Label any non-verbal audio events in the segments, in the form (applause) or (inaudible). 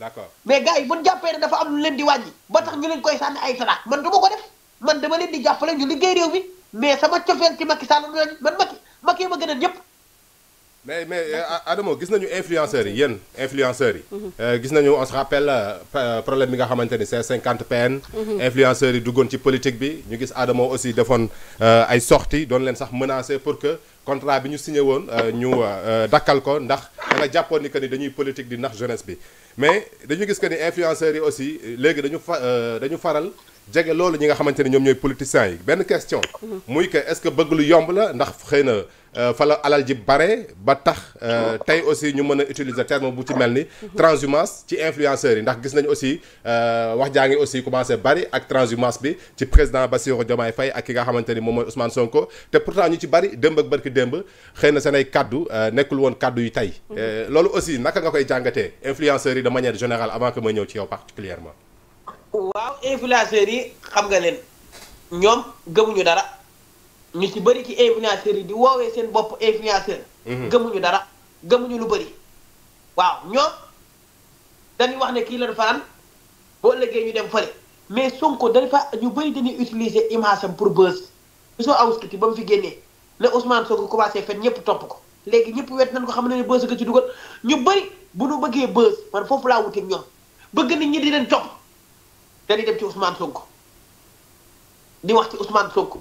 d'accord mais gars yi bu ñu jàppee ne dafa am lu leen di wàññi ba tax ñu leen koy sànni ay sala man du ma ko def man dama leen di jàppale ñu liggéey réew mi mais sama cofeel ci Macky Sall man Macky Macky ma gën a ñëpp mais mais euh, Adamo gis nañu influenceurs yi yéen influenceurs yi mhm. euh, gis nañu on se rappelle euh, problème bi nga xamante ni c'est cinquante PN mhm. influenceurs yi duggoon ci politique bi ñu gis Adamo aussi defoon ay sorties doon leen sax menacé pour que contrat bi ñu signé woon ñu dakkal ko ndax da jàppoon ni que ni dañuy politique di nax jeunesse bi mais dañu gis que ni influenceurs yi aussi léegi dañu fa euh, dañu faral jege loolu ñi nga xamante ne ñoom ñooy politiciens yi benn question. muy que est-ce que bëgg lu yomb la ndax xëy na euh, fa la alal ji bare ba tax. Euh, tey aussi ñu mën a utiliser terme bu ci mel ni. transhumance ci influenceurs yi ndax gis nañu aussi euh, wax jaa ngi aussi commencé bari ak transhumance bi ci président Bassirou Diomaye Faye ak ki nga xamante ni moom mooy Ousmane Sonko te pourtant ñu ci bari démb ak barki démb xëy na seen ay kaddu nekkul woon kaddu yu tey. loolu aussi naka nga koy jàngatee influenceurs yi de manière générale avant que ñëw ci yow particulièrement waaw influenceurs yi xam nga leen ñoom gëmuñu dara ñu ci bëri ci influenceurs yi di woowee seen bopp influenceur mhm. gëmuñu dara gëmuñu lu bëri waaw ñoom dañuy wax ne kii lañu fanaan boo lëggee ñu dem fële mais Sonko dafa ñu bëri dañuy utiliser image am pour buzz bi soo awuskiti ba mu fi génnee ne Ousmane Sonko commencé fen ñëpp topp ko léegi ñëpp wet nañ ko xam ne ne buzz nga ci dugal ñu bëri bu ñu bëggee buzz man foofu laa wuteeg ñoom bëgg nit ñi di leen dañuy dem ci Ousmane Sonko di wax ci Ousmane Sonko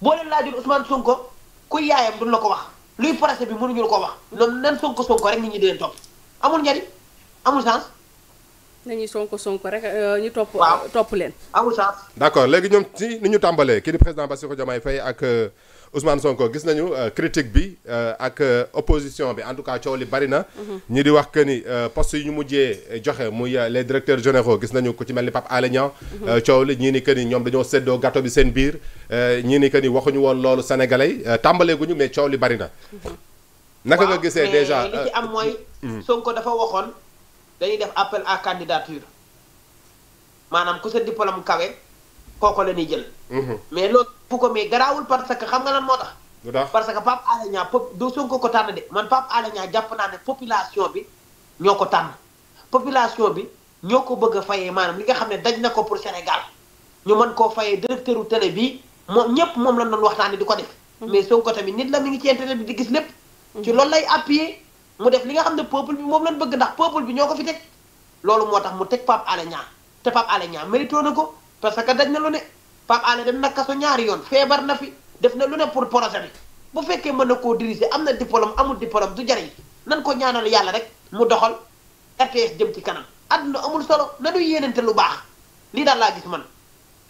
boo leen laajoon Ousmane ko kuy yaayam duñ la ko wax luy procès bi mënuñu la ko wax noonu nan Sonko Sonko rek nit ñi di leen topp amul njariñ amul sens. nañuy Sonko Sonko rek euh, ñu topp. waaw topp leen. amul sens. d'accord léegi ñoom ci ni ñu tàmbalee kii di président Bassirou Diomaye Faye ak. Euh, Ousmane Sonko gis nañu euh, critique bi euh, ak euh, opposition bi en tout cas coow li bari na. Mhm. ñi di wax que ni postes yi ñu mujjee joxe muy les directeurs généraux gis nañu ku ci mel ni Pape Alé Niang. Mhm. coow li ñii ni que ni ñoom dañoo séddoo gato bi seen biir ñii ni que ni waxuñu woon loolu sénégalais yi tàmbaleeguñu mais coow li bari na. Mhm. naka nga gisee déjà li ci am mooy. Mm. Sonko dafa waxoon dañuy def appel à candidature maanaam ku sa diplôme kawe kooku la jël. pu mais garaawul parce que xam nga lan moo tax. lu tax parce que Pape Alé Niang pop doo Sonko ko tànn de man Pape Alé Niang jàpp naa bi ñoo ko tànn population bi ñoo ko bëgg a fayee maanaam li nga xam ne daj na ko pour Sénégal ñu mën koo fayee directeur u bi moom ñëpp moom lañ doon waxtaanee di ko def. Mm-hmm. mais Sonko tamit nit la mi ngi ci internet gis lépp. Mm-hmm. ci loolu lay mu def li xam ne peuple moom lañ bëgg ndax peuple bi ñoo ko fi teg loolu moo tax mu teg Pape Alé Niang te Pape Alé na ko parce que daj na lu ne. Pape Alé dem na kaso ñaari yoon feebar na fi def na lu ne pour projet bi bu fekkee mën na koo diriger am na dipolom amul diplôme du jariñ nan ko ñaanal yàlla rek mu doxal RTS jëm ci kanam àdduna amul solo nanu yéenante lu baax lii daal laa gis man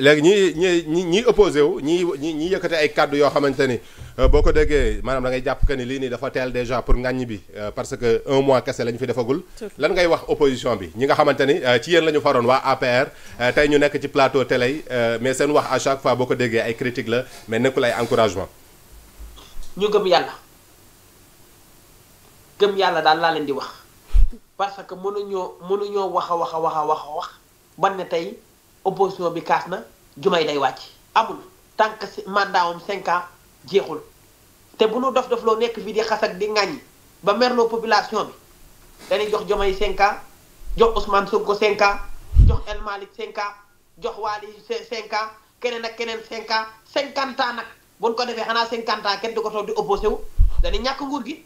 léegi ñi ñi ñi ñi opposé wu ñi ñi ñi yëkkate ay kàddu yoo xamante ni euh, boo ko déggee maanaam da ngay jàpp que ni lii nii dafa teel déjà pour ngàññ bi euh, parce que un mois kese la ñu fi defagul lan ngay wax opposition bi ñi nga xamante ni euh, ci yéen la ñu faroon waa APR tey ñu nekk ci plateau télé yi mais seen wax à chaque fois boo ko déggee ay critique la mais nekkul ay encouragement ñu gëm yàlla gëm yàlla daal laa leen di wax parce que mënuñoo mënuñoo wax a wax a wax a wax a wax ban ne tey opposition bi kaas na jumay day wàcc amul tant que mandaawam cinq jeexul te bu nu dof dof loo nekk fii di xas ak di ŋàññi ba merloo population bi dañuy jox jomay cinq ans jox Ousmane Sonko ko ans jox El Malick cinq ans jox Waly cinq ans keneen ak keneen cinq ans cinquante ans nag bu ñu ko defee xanaa cinquante ans kenn du ko toog di opposé wu dañuy ñàkk nguur gi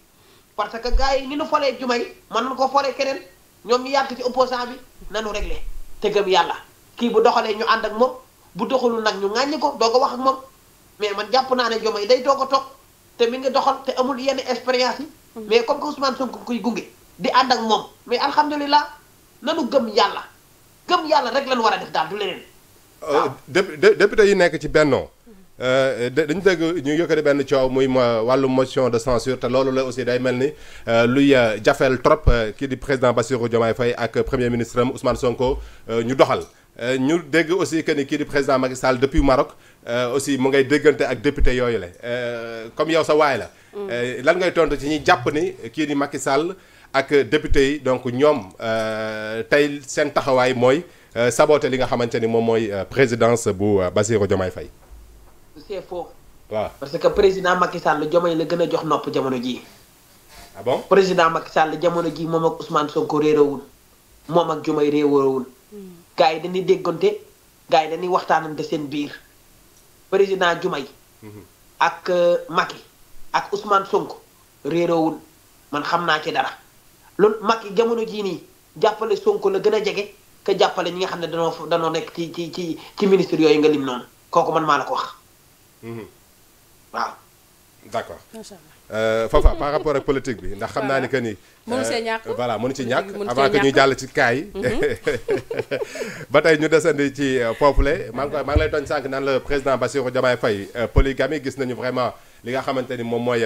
parce que gars yi ni nu folee jumay mën nañu ko folee keneen ñoom ñu yàgg ci opposant bi nanu réglé te yàlla kii bu doxalee ñu ànd ak moom bu doxalul nag ñu ŋàññi ko doo a wax ak moom mais man jàpp naa ne yi day doog a toog te mi ngi doxal te amul yenn expérience yi. Mm-hmm. mais comme que Ousmane Sonko kuy gunge di ànd ak moom mais alhamdulilah nanu gëm yàlla gëm yàlla rek lañu war a def daal du leneen. Euh, député yi nekk ci bennoo euh, dañu dégg ñu yëkkati benn coow muy wàllu motion de censure loolu la aussi day mel ni euh, luy jafeel trop kii di président Bassirou Diomaye Faye ak premier ministre am Ousmane Sonko ñu doxal. Euh, ñu dégg aussi que ni kii di président Macky Sall depuis Maroc euh, aussi mu ngay déggante ak député yooyu la euh, comme yow sa waay la. Mm. lan ngay tontu ci ñi jàpp ni kii di Macky Sall ak député yi donc ñoom tey seen taxawaay mooy saboter li nga xamante ni moom mooy présidence bu Bassirou Diomaye Faye. c'est faux. waaw parce que président Macky Sall Diomaye la gën a jox nopp jamono jii. Ah bon président Macky Sall jamono jii moom ak Ousmane Sonko réerewul moom ak Diomaye réerewul. Mm. gars yi dañuy déggante gars yi dañuy waxtaanante seen biir président Diomaye mm-hmm. ak euh, Macky ak Ousmane Sonko réeroowul man xam naa ci dara loolu Macky jamono jii nii jàppale Sonko la gën a jege ka jàppale ñi nga xam ne danoo danoo nekk ci ci ci ci ministre yooyu nga lim noonu kooku man maa la ko wax mm-hmm. waaw d' accord euh, Fafa par rapport ak politique bi ndax xam naa ni que ni. mënu euh, see ñàkk voilà mënu ci ñàkk avant que ñu jàll ci kaay yi. Mhm. (laughs) ba tey ñu desandi ci euh, foofule maa ngi maa ngi lay tooñ sànq naan la président Bassirou Diomaye Faye polygamie gis nañu vraiment li nga xamante ni moom mooy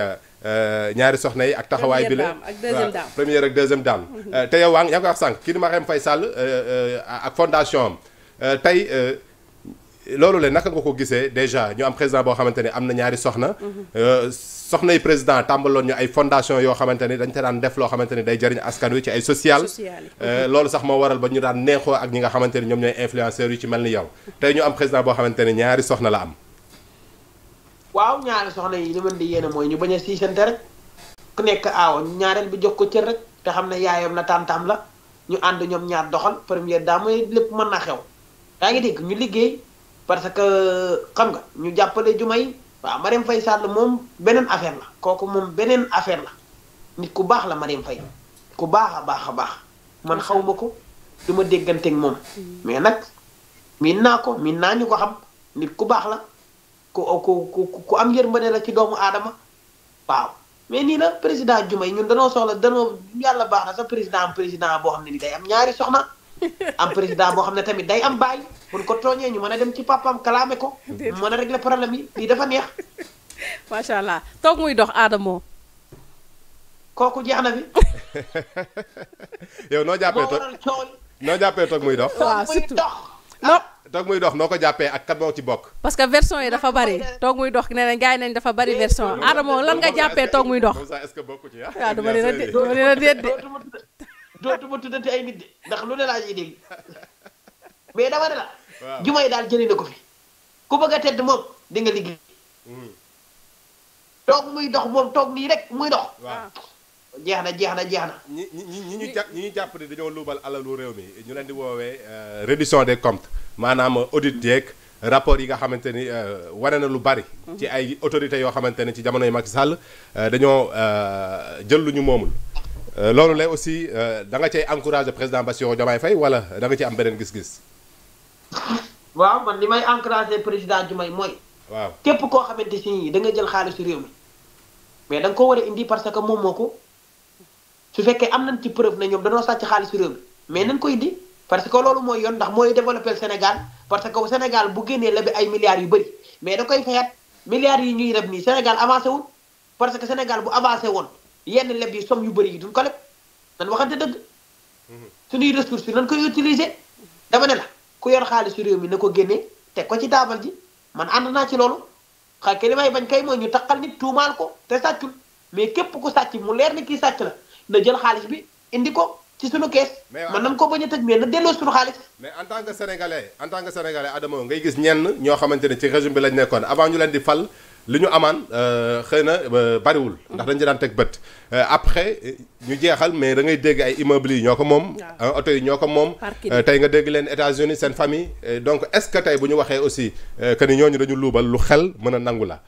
ñaari soxna yi ak taxawaay bi la première ak deuxième dame mhm. te yow waa ngi yaa ngi ko wax sànq kii di Marème Faye Sall ak fondation am tey. loolu la naka nga ko gisee déjà ñu am président boo xamante ne am na ñaari soxna. Euh, soxnay président tàmbaloon ñu ay fondation yoo xamante ne dañ te daan def loo xamante ne day jariñ askan wi ci ay social. Euh, loolu sax moo waral ba ñu daan neexoo ak ñi nga xamante ne ñoom ñooy influenceurs ci mel ni yow tey ñu am président boo xamante ne ñaari soxna la am. ñaari soxna yi li di yéene mooy ñu bañ a siisante rek ku nekk aawo ñaareel bi jox ko cër rek te xam ne yaayam la tantam la ñu ànd ñoom ñaar doxal première dame lépp mën na xew yaa ngi dégg ñu liggéey parce que xam nga ñu jàppale juma yi waaw Marième Faye Sall moom beneen affaire la kooku moom beneen affaire la nit ku baax la Marième Faye ku baax a baax a baax man xaw ko du ma dégganteeg moom mais nag miin naa ko miin naa ñu ko xam nit ku baax la ku ku ku am yërmande la ci doomu aadama waaw mais nii la président juma yi ñun danoo soxla danoo yàlla baax na sa président am président boo xam ne ni day am ñaari soxna am président boo xam ne tamit day am baay buñ ko tooñee ñu man a dem ci papaam kalaame ko. mën a régler problème yi lii dafa neex. (laughs) macha allah toog muy dox Adamo. kooku jeex na fi. (laughs) yow noo jàppee toog noo jàppee muy dox. waaw surtout toog ah. toog muy dox noo ko jàppee ak kat moo ci bokk. parce que version yi dafa bari toog muy dox nee na gars yi nañ dafa bari version Adamo lan nga jàppee toog muy dox. est-ce que dama ci ah. duma dina dé duma dina déet de. dootuma tuddati ay nit de ndax lu ne laa ciy dégg mais dama la. juma yi daal jëlee na ko fi ku bëgg tedd moom di nga liggéey. Hmm. toog muy dox moom toog nii rek muy dox. jeex na jeex na jeex na. ñi ñi ñu jàpp ñi ñu jàpp ne dañoo luubal alalu réew mi ñu leen di woowee euh, réduction des comptes maanaam audit yeeg rapport yi nga xamante ni euh, wane na lu bari. ci ay autorités yoo xamante ne ci jamonoy Macky Sall euh, dañoo jël lu ñu moomul. loolu lay aussi da nga cay encourager président Bassirou Diomaye Faye wala da nga ci am beneen gis-gis. waaw man li may encouragé président Diomaye mooy. waaw képp koo xamante si da nga jël xaalisu réew mi mais da nga ko war indi parce que moom moo ko su fekkee am nañ ci preuve ne ñoom danoo sàcc xaalis xaalisu réew mi mais nañ ko indi parce que loolu mooy yoon ndax mooy développé Sénégal parce que Sénégal bu génnee la bi ay milliards yu bëri mais da koy fayat milliards yi ñuy def nii Sénégal avancé wul parce que Sénégal bu avancé woon yenn leb yi yu bëri yi duñ ko leb nan waxante dëgg mhm. suñuy ressources yi nan koy utiliser dama ne ku yor xaalisu réew mi na ko génnee teg ko ci taabal ji man ànd naa ci loolu xaa ke li may bañ kay mooy ñu taqal nit tuumaal ko te sàccul mais képp ku sàcc mu leer ni kii sàcc la na jël xaalis bi indi ko ci sunu kees man nañ ko bañ a tëj mais na delloo sunu xaalis mais en tant que sénégalais en tant ngay gis ñenn ñoo xamante ne ci régime bi lañ nekkoon avant ñu leen di fal li ñu amaan euh, xëy na euh, bariwul ndax dañ daan teg bët euh, après ñu jeexal mais da ngay dégg ay immeubles yi ñoo ko moom oto yi ñoo ko moom tey nga dégg leen États-Unis seen famille donc est-ce que tey bu ñu waxee aussi que ni ñooñu dañu luubal lu xel mën a nangu la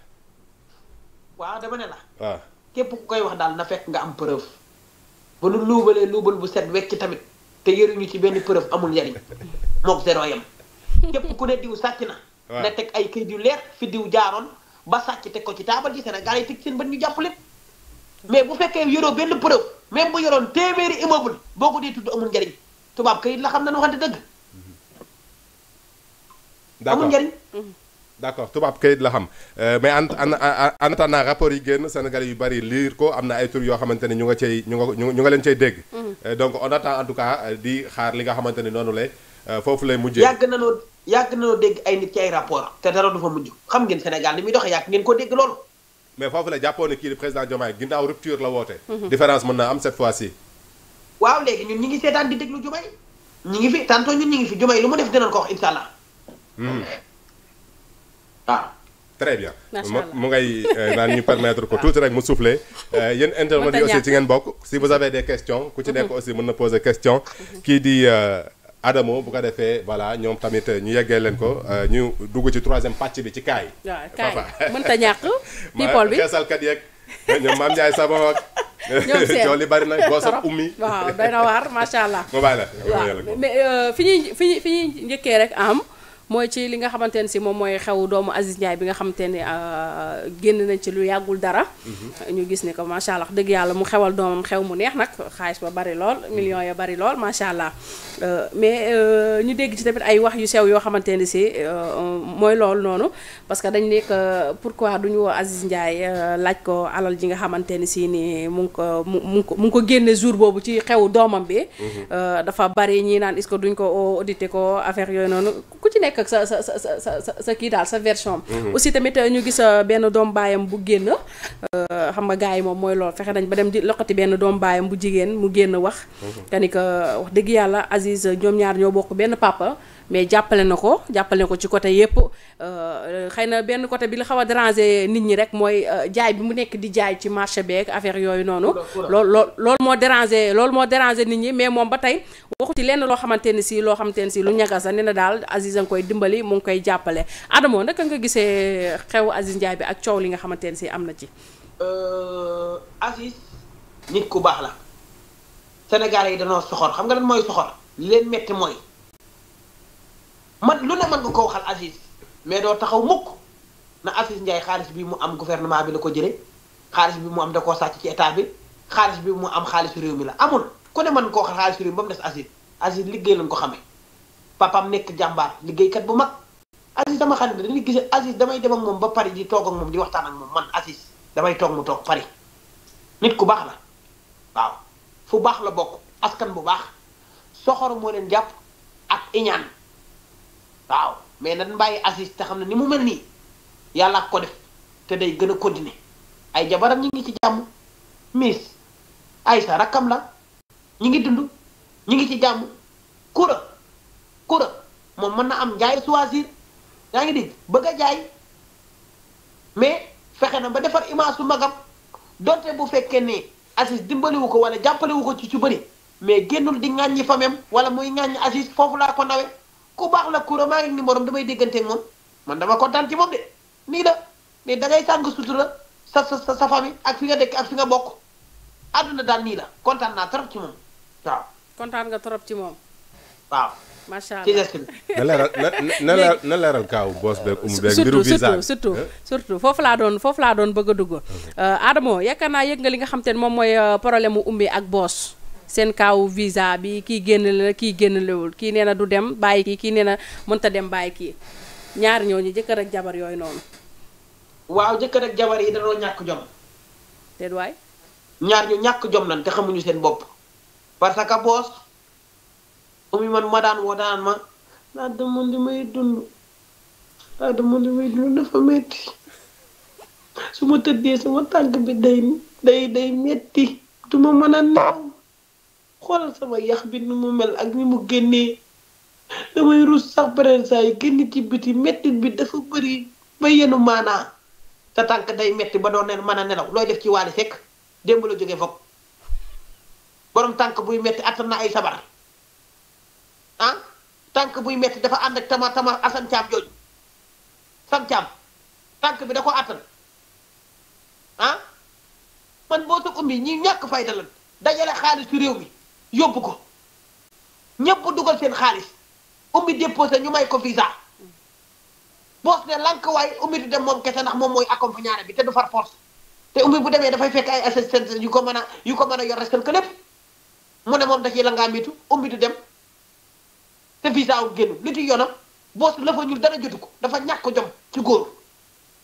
waaw dama ne la képp ku koy wax daal na fekk nga am preuve ba lu luubalee luubal bu set wecc tamit te yëruñu ci benn preuve amul njariñ mook zéro yam (laughs) képp ku ne diw sàcc na na teg ay këyit yu leer fi diw jaaroon ba sàcc teg ko ci taabal ji Sénégal yi teg seen bët ñu jàpp lépp mais bu fekkee yoroo benn preuve même bu yoroon téeméeri immeuble boo ko dee tudd amul njariñ tubaab kayit la xam mais nu waxante dëgg. amul njariñ. d' accord tubaab kayit la xam euh, mais en en attendant rapport yi génn Sénégalais yu bari lire ko am na ay tur yoo xamante ne ñu nga cay ñu nga ñu nga leen cay dégg. Mm-hmm. Euh, donc on attend en tout euh, di xaar li nga xamante ne noonu lay foofu lay mujjee. yàgg na noonu. yàgg nañoo dégg ay nit ci ay rapport te dara du fa mujj xam ngeen Sénégal ni muy doxee yàgg ngeen ko dégg loolu. mais foofu la jàppoon ne kii di président Diomaye ginnaaw rupture la woote. Mhm. différence mën na am cette fois ci. waaw léegi ñun ñi ngi seetaan di déglu Diomaye ñi ngi fi tantôt ñun ñi ngi fi Diomaye lu mu def dinañ ko wax incha allah. waaw. Hmm. Ah. très bien mu ngay euh, naan ñu permettre ko tuuti rek mu souffler euh, yéen intervenants yi aussi ci ngeen bokk si vous avez des questions ku ci mhm. nekk aussi mën na poser question mhm. kii di. Euh, Adamo bu ko defee voilà ñoom tamit euh, ñu yeggee leen ko euh, ñu dugg ci troisième pacc bi ci kaay. waaw kaay mënta ñàkk. (laughs) people bi xeesalkat yeeg ñoom maam Ndiaye Savon ak. (laughs) ñoom seen coow li bari na gosoom ummi. waaw doy na waar macha allah. (laughs) mu euh, fi ñuy fi ñuy fi ñuy njëkkee rek am. mooy ci li nga xamante ne si moom mooy xew doomu Aziz Ndiaye bi nga xamante ne euh, génn nañ ci lu yàggul dara. Mhm. ñu gis ni ko macha allah dëgg yàlla mu xewal doomam xew mu neex nag xaalis ba bari lool mhm. millions ya bari lool macha allah euh, mais euh, ñu dégg tamit ay wax yu sew yoo xamante ne si mooy loolu noonu parce que dañ nekk pourquoi du ñu woo Aziz Ndiaye laaj ko alal ji nga xamante ne si nii mu ngi ko mu ngi ko mu ngi ko génne jour boobu ci xew doomam bi. Mhm. dafa bari ñii naan est-ce duñ ko audité ko affaire yooyu noonu ku ci nekk. nekk ak sa sa sa sa sa kii daal sa version am. Mhm. aussi tamit euh, ñu gis euh, benn doom baayam bu génn euh, xam nga gars yi moom mooy loolu fexe nañ ba dem di loqati benn doom baayam bu jigéen mu génn wax. te ni que wax dëgg yàlla Aziz ñoom ñaar ñoo bokk benn papa. mais jàppale na ko jàppale na ko ci côté yépp xay na benn côté bi la xaw a déranger nit ñi rek mooy jaay bi mu nekk di jaay ci marché beeg affaire yooyu noonu. lool lool moo déranger loolu moo déranger nit ñi mais moom ba tey waxu ci lenn ne si loo xamante ne si dimbali mu ngi koy jàppale Adamo naka nga gisee xew Aziz Ndiaye bi ak coow li nga xamante ne si am na ci. Euh, Aziz nit ku baax la. Sénégalais yi danoo soxor xam nga lan mooy soxor. li leen metti mooy. man lu ne man nga ko waxal Aziz mais doo taxaw mukk na Aziz Ndiaye xaalis bi mu am gouvernement bi la ko jëlee xaalis bi mu am da koo sàcc ci état bi xaalis bi mu am xaalisu réew mi la amul ku ne man nga ko waxal xaalisu réew mi ba mu des Aziz Aziz liggéey lañ ko xamee. papam nekk jàmbaar liggéeykat bu mag Aziz dama xam ne dañuy gis Aziz damay dem moom ba Paris di toog ak moom di waxtaan ak moom man Aziz damay toog mu toog Paris nit ku baax na waaw fu baax la bokk askan bu baax soxor moo leen jàpp ak iñaan waaw mais nan bàyyi Aziz te xam ne ni mu mel nii yàlla ko def te day gën a continuer ay jabaram ñu ngi ci jàmm miis Aïssa rakkam la ñu ngi dund ñu ngi ci jàmm kura kóra moom mën na am njaay choisir yaa ngi dégg bëgg a jaay mais fexe na ba defar image su magam donte bu fekkee ne Aziz dimbaliwu ko wala jàppalewu ko ci ci bëri mais génnul di ŋàññi famem wala muy ŋàññi Aziz foofu laa ko nawe ku baax la kóra maa ngi ni morom damay dégganteeg moom man dama kontaan ci moom de nii la mais da ngay sàng sutura sa sa sa famille ak fi nga dëkk ak fi nga bokk adduna daal nii la kontaan naa trop ci moom waaw kontaan ci moom macha allah (laughs) (laughs) na leeral na na leeral kaaw boos beeg umu beeg mbiru visa surtout surtout surtout foofu laa doon foofu laa doon bëgg a dugg. Euh, Adamo yaakaar naa yëg nga li nga xam te ne moom mooy euh, problème mu ummi ak boos. seen kaaw visa bi kii génn la kii génn lewul kii nee na du dem bàyyi kii kii nee na mënta dem bàyyi kii ñaar ñooñu jëkkër ak jabar yooyu noonu. waaw jëkkër ak jabar yi danoo ñàkk jom. déedwaay. ñaar ñu ñàkk jom lan te xamuñu seen bopp. parce que boos. mi man ma daan woo daan ma daa demoon li may dund daa demoon li may dund dafa metti su ma tëddee suma tànk bi day day day metti du mën a naaw xoolal sama yax bi nu mu mel ak ni mu génnee damay ruus sax beneen saa yi génn ci biti mettit bi dafa bëri ba yenu maanaa sa tànk day metti ba doon nen mën a nelaw looy def ci waali fekk démb la jógee foog borom tànk buy metti attan na ay sabar ah buy metti dafa ànd ak tama tama asan caam jooju san caam tànk bi da ko àttan ah man boo toog umbi ñi ñàkk fayda lan dajale xaalis ci réew mi yóbbu ko ñëpp dugal seen xaalis umbi déposé ñu may ko visa boos ne lànk waaye umbi du dem moom kese ndax moom mooy accompagnateur bi te du far force te umbi bu demee dafay fekk ay assistance yu ko man a yu ko mën a yor restel que mu ne moom da ciy la ngaa miitu dem te visa wu génn li ci yoonam boo la fa ñul dara jotu ko dafa ñàkk jom ci góor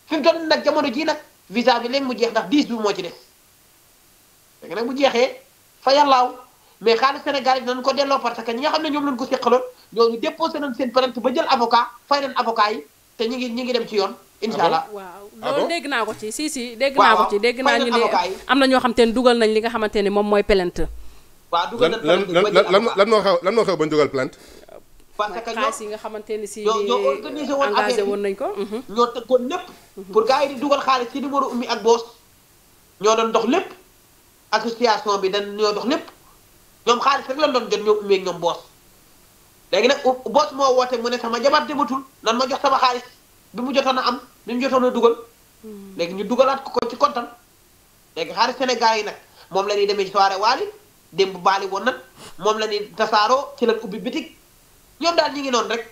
fi mu nag jamono jii nag visa bi leen mu jeex ndax 10 bi moo ci def léegi nag mu jeexee fa yàllaaw mais xaalis Sénégal yi dinañ ko delloo parce que ñi nga xam ne ñoom lañ ko seqaloon nañ seen plainte ba jël avocat fay leen avocat yi te ñu ngi dem ci yoon. incha ah allah waaw ah loolu dégg naa ko ci si si dégg naa ko ci dégg naa ñu ne am na ñoo xam te ne dugal nañ li nga xamante ne moom mooy plainte. waaw dugal nañ lan moo xew lan moo xew ba ñu dugal parce que ñoom xaalis yi nga xamante ne si ñoo organisé woon engagé woon nañ ko mhm. ñoo teg koon lépp mhm. pour gars yi dugal xaalis ci numéro ummi ak boos ñoo doon dox lépp association bi dañ ñoo lépp ñoom xaalis rek lañ doon jot ñoom ummi ak léegi nag boos moo woote mu ne sama jabar dematul nan ma jox sama xaalis bi mu jotoon a am bi mu jotoon a dugal mhm. léegi ñu dugalaat ko ci kontan léegi xaalis Sénégal yi nag moom la ñuy demee ci soirée waali démb baali woon nan moom la ñuy tasaaroo ci lañ ubbi bitik ñoom daal ñu ngi noonu rek.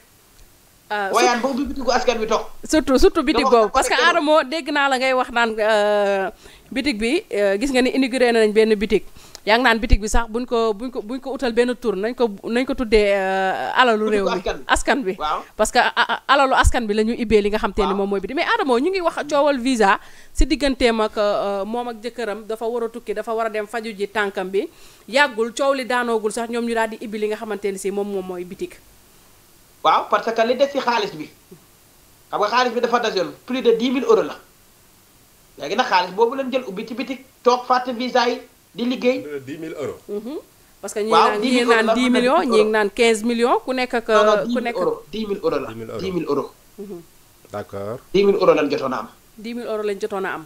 ah wayaan ba ubbi bitigu askan surtout surtout bitig boobu parce que Adamo dégg naa la ngay wax naan euh, bitig bi euh, gis nga ni inauguré nañ benn bitig yaa ngi naan bitig bi sax buñ ko buñ ko buñ ko utal benn tur nañ ko nañ ko tuddee euh, alalu réew mi askan bi parce que alalu askan bi la ñu ibbee li nga xam te moom mooy bitig mais Adamo ñu ngi wax coowal visa si digganteem ak moom ak jëkkëram dafa war a tukki dafa war a dem faju ji tànkam bi yàggul coow li daanoogul sax ñoom ñu daal di ibbi li nga xamante ni si moom moom mooy bitig waaw parce que li des ci xaalis bi xam nga xaalis bi dafa dajoon plus de 10 000 euros la léegi nag xaalis boobu lañ jël ubbi ci bitik toog fàtte visa yi di liggéey. plus de 10 000 euros. Mhm. parce que ñii naan ñii naan 10 millions ñii naan quinze million ku nekk ak. ku nekk non 10 000 euros la 10 000 euros. d' accord 10 jotoon am. 10 000 euros lañ jotoon a am.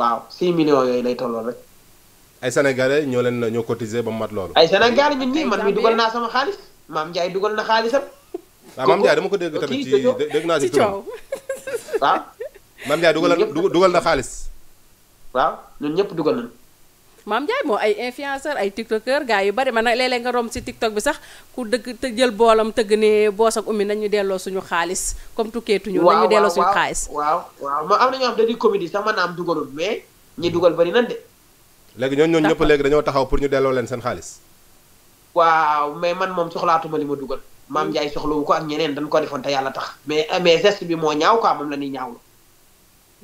waaw 6 millions yooyu lay tolloo rek. ay sénégalais ñoo leen ñoo cotiser ba mu mat loolu. ay sénégalais ñun ñii man mi dugal naa sama xaalis maam Ndiaye dugal na xaalisam. waaw Mame Ndiaye dama ko dégg tamit ci dégg naa ci coow waaw ah? Mame Ndiaye dugal na dugal na xaalis waaw ñun ñëpp dugal nañu Mame Ndiaye moo ay influenceur ay tiktokeur gars yu bari ma nag léeg-léeg nga romb si tiktok bi sax ku dëgg te jël boolam tëgg ne boos ak ummi ñu delloo suñu xaalis comme tukkeetuñu nañu delloo suñu xaalis waaw waaw ma am na ñoo xam dañuy comédie sax mën naa am dugalul mais ñi dugal bari nan de léegi ñooñu ñooñu ñëpp léegi dañoo taxaw pour ñu delloo leen seen xaalis waa mais man moom soxlaatuma li ma dugal maam mm. Ndiaye soxlawu ko ak ñeneen dañ ko defoon te yàlla tax mais eh, mais geste bi moo ñaaw quoi moom la ñuy ñaawlu.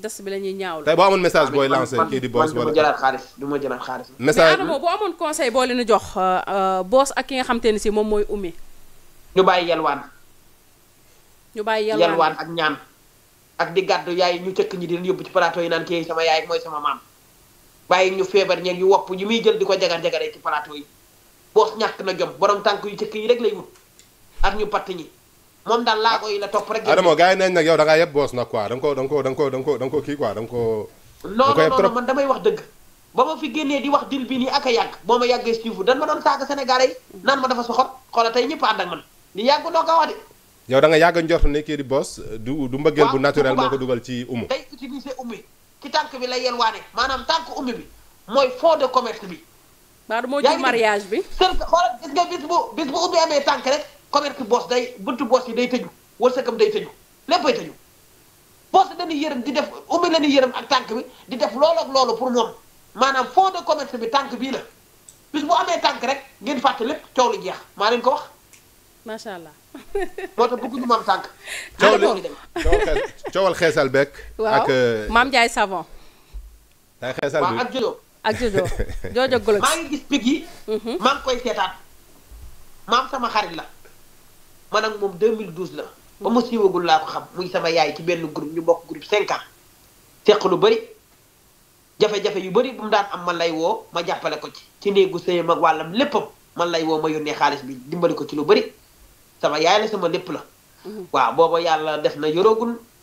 geste bi la ñuy ñaawlu. tey boo amoon message ah, booy lancé kii di boss wala man du ma jëlaat xaalis du ma jëlaat xaalis. message mais boo amoon conseil jox euh, euh, boss ak ki nga xam te ne si moom mooy Oumy. ñu bàyyi yalwaan. ñu bàyyi yalwaan yalwaan ak ñaan. ak di gàddu yaay ñu cëkk ñi di leen yóbbu ci plateau yi naan kii sama yaay mooy sama maam bàyyi ñu feebar ñeeg yu wopp ñu muy jël di ko jagar jagaree ci plateau yi boos ñàkk na jom borom tànk yu cëkk yi rek lay wut ak ñu patt ñi moom daal laago yi la topp rek. Adamo gars yi nañ nag yow da ngaa yëpp boos nag quoi da nga koo da nga koo da nga koo da nga koo da nga koo kii quoi da nga koo. ma fi génnee di wax dil bi a yàgg boo ma yàgg doo ko da nga di boos du du bu naturel moo ko dugal ci umu day utiliser ummi ci tànk bi lay yelwaane maanaam tànk ummi bi mooy fond de commerce bi. yaa ngi mariage bi. xoolal gis bis bu bis bu ummi amee tànk rek commerce boos day buntu boos yi day tëju wërsëgam day tëju léppay tëju boos dañuy yërëm di def ummi la yërëm ak tànk bi di def loolu ak loolu pour moom maanaam fond de commerce bi tànk bii la bis bu amee tànk rek ngeen fàtte lépp coow lu jeex maa leen ko wax. macha allah. (laughs) moo tax bëgguñu maam tànk. coow li coowal xeesal beeg. ak euh, maam Ndiaye Savon. day xeesal bi ak jojo ak jojo (laughs) jojo maa ngi gis picc yi. Mhm. maa koy seetaat maam sama xarit la. man ak moom 2012 la ba ma siiwagul laa ko xam muy sama yaay ci benn groupe ñu bokk groupe 5 ans seq lu bari jafe-jafe yu bari bu mu daan am ma lay woo ma jàppale ko ci ci néegu sëyam ak wàllam léppam man lay woo ma yónnee xaalis bi dimbali ko ci lu bëri sama yaay la sama lépp la mm-hmm. waaw booba yàlla def na yorogul